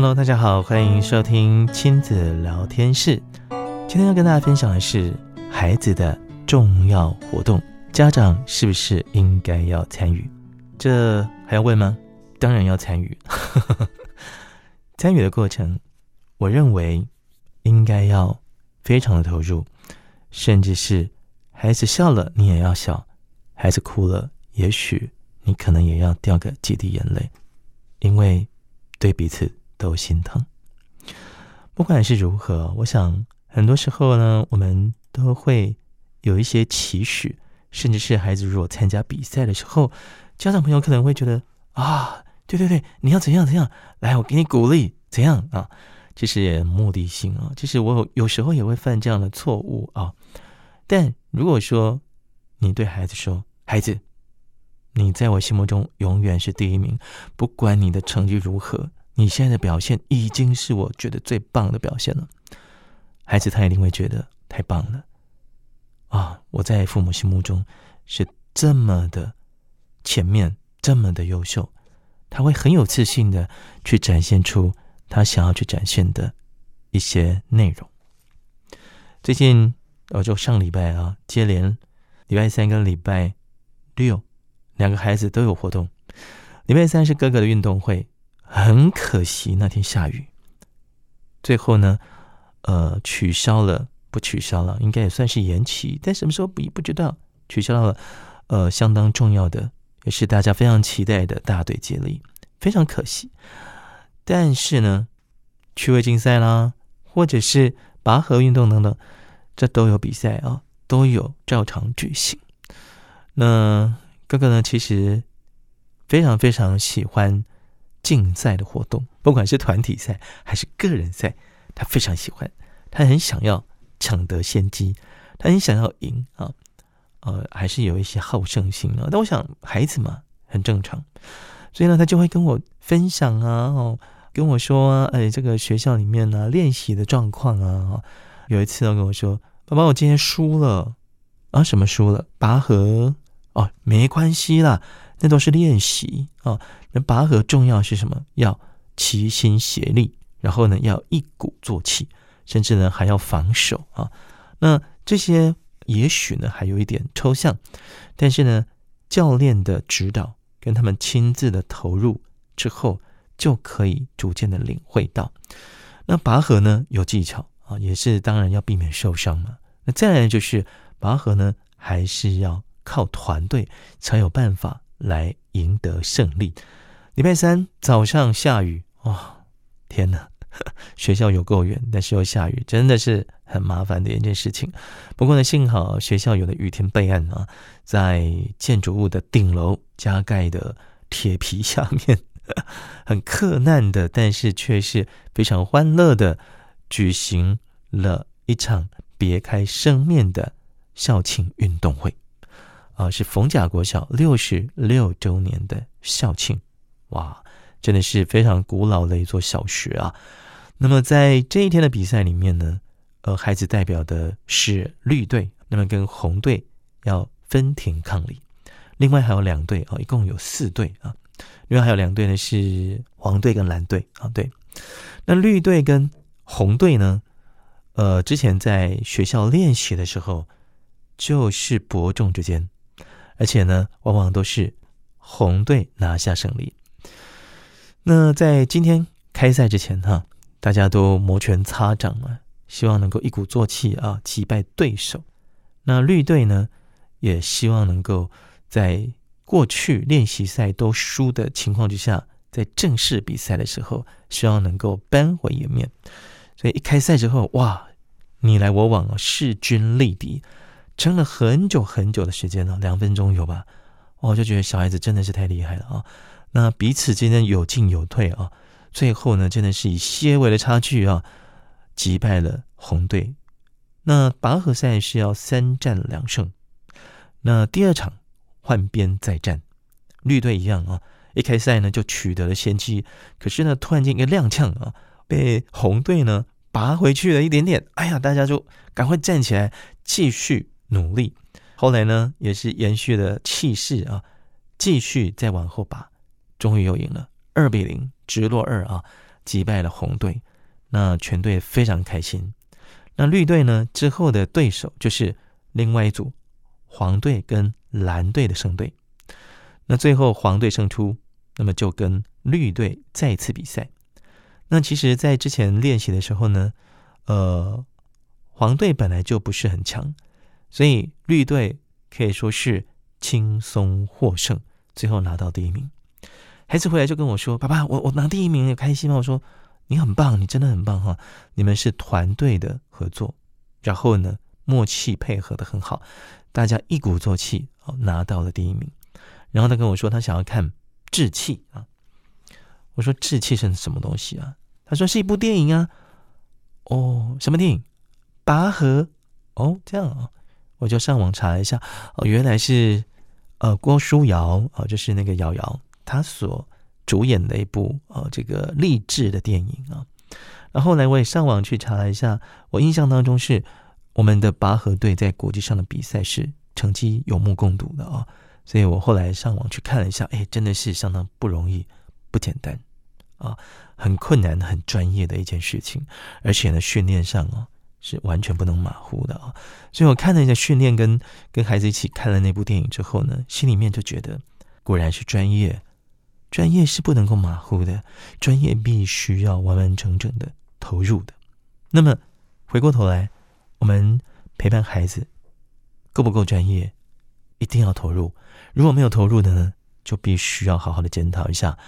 Hello，大家好，歡迎收聽親子聊天室。今天要跟大家分享的是孩子的重要活動，家長是不是應該要參與？這還要問嗎？當然要參與。 參與的過程，我認為應該要非常的投入，甚至是孩子笑了，你也要笑；孩子哭了，也許你可能也要掉個幾滴眼淚，因為對彼此。都心疼。不管是如何，我想很多時候呢，我們都會有一些期許，甚至是孩子如果參加比賽的時候，家長朋友可能會覺得啊，對對對，你要怎樣怎樣，來，我給你鼓勵，怎樣啊？這是目的性啊，就是我有時候也會犯這樣的錯誤啊。但如果說你對孩子說：“孩子，你在我心目中永遠是第一名，不管你的成績如何。”你現在的表現已經是我覺得最棒的表現了，孩子他一定會覺得太棒了啊、哦！我在父母心目中是這麼的前面，這麼的優秀，他會很有自信的去展現出他想要去展現的一些內容。最近，我就上禮拜啊，接連禮拜三跟禮拜六，兩個孩子都有活動。禮拜三是哥哥的運動會。很可惜，那天下雨，最後呢，呃，取消了，不取消了，應該也算是延期，但什麼時候不不知道，取消了，呃，相當重要的，也是大家非常期待的大隊接力，非常可惜。但是呢，趣味競賽啦，或者是拔河運動等等，這都有比賽啊，都有照常舉行。那哥哥呢，其實非常非常喜歡。競賽的活動，不管是團體賽還是個人賽，他非常喜歡，他很想要搶得先機，他很想要贏啊、哦，呃，還是有一些好勝心啊。但我想孩子嘛，很正常，所以呢，他就會跟我分享啊，哦，跟我說、啊，哎，這個學校裡面啊，練習的狀況啊、哦。有一次他跟我說：“爸爸，我今天輸了啊，什麼輸了？拔河哦，沒關係啦，那都是練習啊。哦”那拔河重要是什麼？要齊心協力，然後呢，要一鼓作氣，甚至呢還要防守啊。那這些也許呢還有一點抽象，但是呢教練的指導跟他們親自的投入之後，就可以逐漸的領會到。那拔河呢有技巧啊，也是當然要避免受傷嘛。那再來就是拔河呢還是要靠團隊才有辦法來贏得勝利。禮拜三早上下雨哦，天哪，學校有夠遠，但是又下雨，真的是很麻煩的一件事情。不過呢，幸好學校有了雨天備案啊，在建築物的頂樓加蓋的鐵皮下面，很克難的，但是卻是非常歡樂的，舉行了一場別開生面的校慶運動會啊，呃！是逢甲國小六十六周年的校慶。哇，真的是非常古老的一座小學啊！那麼在這一天的比賽裡面呢，呃，孩子代表的是綠隊，那麼跟紅隊要分庭抗禮。另外還有兩隊啊、哦，一共有四隊啊。另外還有兩隊呢是黃隊跟藍隊啊。對，那綠隊跟紅隊呢，呃，之前在學校練習的時候就是伯仲之間，而且呢，往往都是紅隊拿下勝利。那在今天開賽之前哈，大家都摩拳擦掌啊，希望能夠一鼓作氣啊，擊敗對手。那綠隊呢，也希望能夠在過去練習賽都輸的情況之下，在正式比賽的時候，希望能夠扳回顏面。所以一開賽之後，哇，你來我往，勢均力敵，撐了很久很久的時間了啊，兩分鐘有吧？我就覺得小孩子真的是太厲害了啊！那彼此之間有進有退啊，最後呢，真的是以些微的差距啊擊敗了紅隊。那拔河賽是要三戰兩勝，那第二場換邊再戰，綠隊一樣啊，一開賽呢就取得了先機，可是呢突然間一個踉蹌啊，被紅隊呢拔回去了一點點。哎呀，大家就趕快站起來繼續努力。後來呢也是延續了氣勢啊，繼續再往後拔。終於又贏了，二比零，0，直落二啊，擊敗了紅隊。那全隊非常開心。那綠隊呢？之後的對手就是另外一組黃隊跟藍隊的勝隊。那最後黃隊勝出，那麼就跟綠隊再次比賽。那其實，在之前練習的時候呢，呃，黃隊本來就不是很強，所以綠隊可以說是輕鬆獲勝，最後拿到第一名。孩子回來就跟我說：“爸爸，我我拿第一名開心嗎？”我說：“你很棒，你真的很棒哈！你們是團隊的合作，然後呢，默契配合的很好，大家一鼓作氣哦拿到了第一名。”然後他跟我說：“他想要看《志氣》啊。”我說：“《志氣》是什麼東西啊？”他說：“是一部電影啊。”哦，什麼電影？拔河？哦，這樣啊！我就上網查一下，哦，原來是呃郭書瑤啊，哦，就是那個瑤瑤。他所主演的一部呃、哦、這個勵志的電影啊，那後來我也上網去查了一下，我印象當中是我們的拔河隊在國際上的比賽是成績有目共睹的啊、哦，所以我後來上網去看了一下，哎，真的是相當不容易，不簡單啊、哦，很困難、很專業的一件事情，而且呢，訓練上哦是完全不能馬虎的啊、哦，所以我看了一下訓練，跟跟孩子一起看了那部電影之後呢，心裡面就覺得果然是專業。專業是不能夠馬虎的，專業必須要完完整整的投入的。那麼回過頭來，我們陪伴孩子夠不夠專業？一定要投入。如果沒有投入的呢，就必須要好好的檢討一下。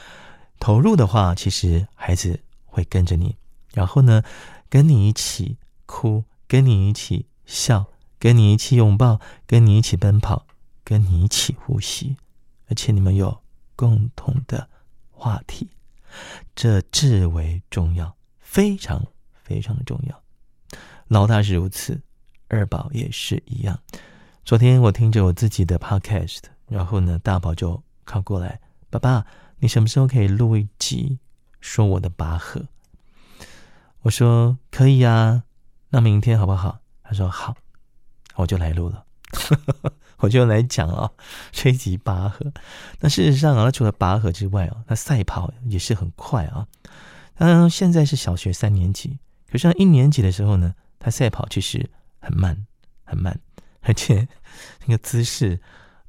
投入的話，其實孩子會跟着你，然後呢，跟你一起哭，跟你一起笑，跟你一起擁抱，跟你一起奔跑，跟你一起呼吸，而且你們有共同的話題，這至為重要，非常非常的重要。老大是如此，二寶也是一樣。昨天我聽着我自己的 podcast，然後呢，大寶就靠過來：“爸爸，你什麼時候可以錄一集說我的拔河？”我說：“可以啊，那明天好不好？”他說：“好。”我就來錄了。 我就來講哦，吹起拔河，那事實上啊，他除了拔河之外哦、啊，他賽跑也是很快啊。當然現在是小學三年級，可是他一年級的時候呢，他賽跑其實很慢很慢，而且那個姿勢，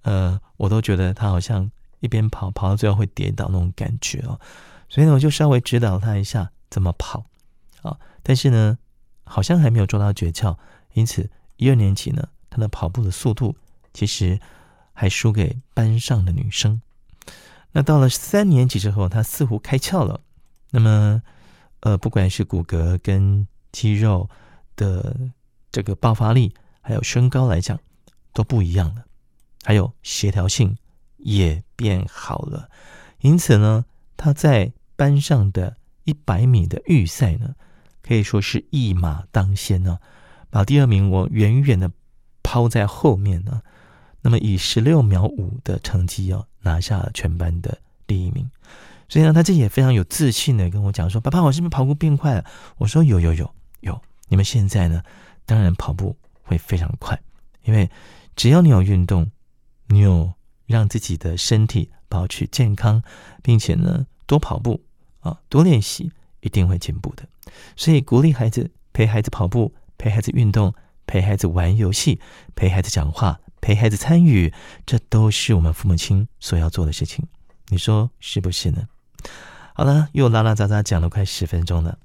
呃，我都覺得他好像一邊跑跑到最後會跌倒那種感覺哦。所以呢，我就稍微指導他一下怎麼跑啊、哦。但是呢，好像還沒有做到訣竅，因此一二年級呢，他的跑步的速度，其實還輸給班上的女生。那到了三年級之後，她似乎開竅了。那麼，呃，不管是骨骼跟肌肉的這個爆發力，還有身高來講，都不一樣了。還有協調性也變好了。因此呢，他在班上的100米的預賽呢，可以說是一馬當先呢，啊，把第二名我遠遠的拋在後面呢。那麼以十六秒五的成績，哦，拿下全班的第一名。所以呢，他自己也非常有自信的跟我講說：“爸爸，我是不是跑步變快了？”我說：“有有有有，你們現在呢，當然跑步會非常快，因為只要你有運動，你有讓自己的身體保持健康，並且呢，多跑步啊，多練習，一定會進步的。所以鼓勵孩子，陪孩子跑步，陪孩子運動。”陪孩子玩遊戲，陪孩子講話，陪孩子參與，這都是我們父母親所要做的事情。你說是不是呢？好了，又拉拉雜雜講了快十分鐘了。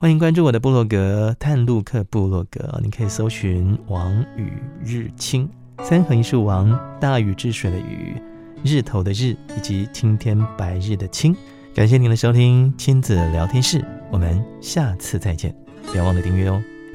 歡迎關注我的部落格“探路客部落格”，你可以搜尋“王禹日青，三橫一豎王，大禹治水的禹，日頭的日，以及青天白日的青。感謝您的收聽。親子聊天室，我們下次再見。不要忘了訂閱哦。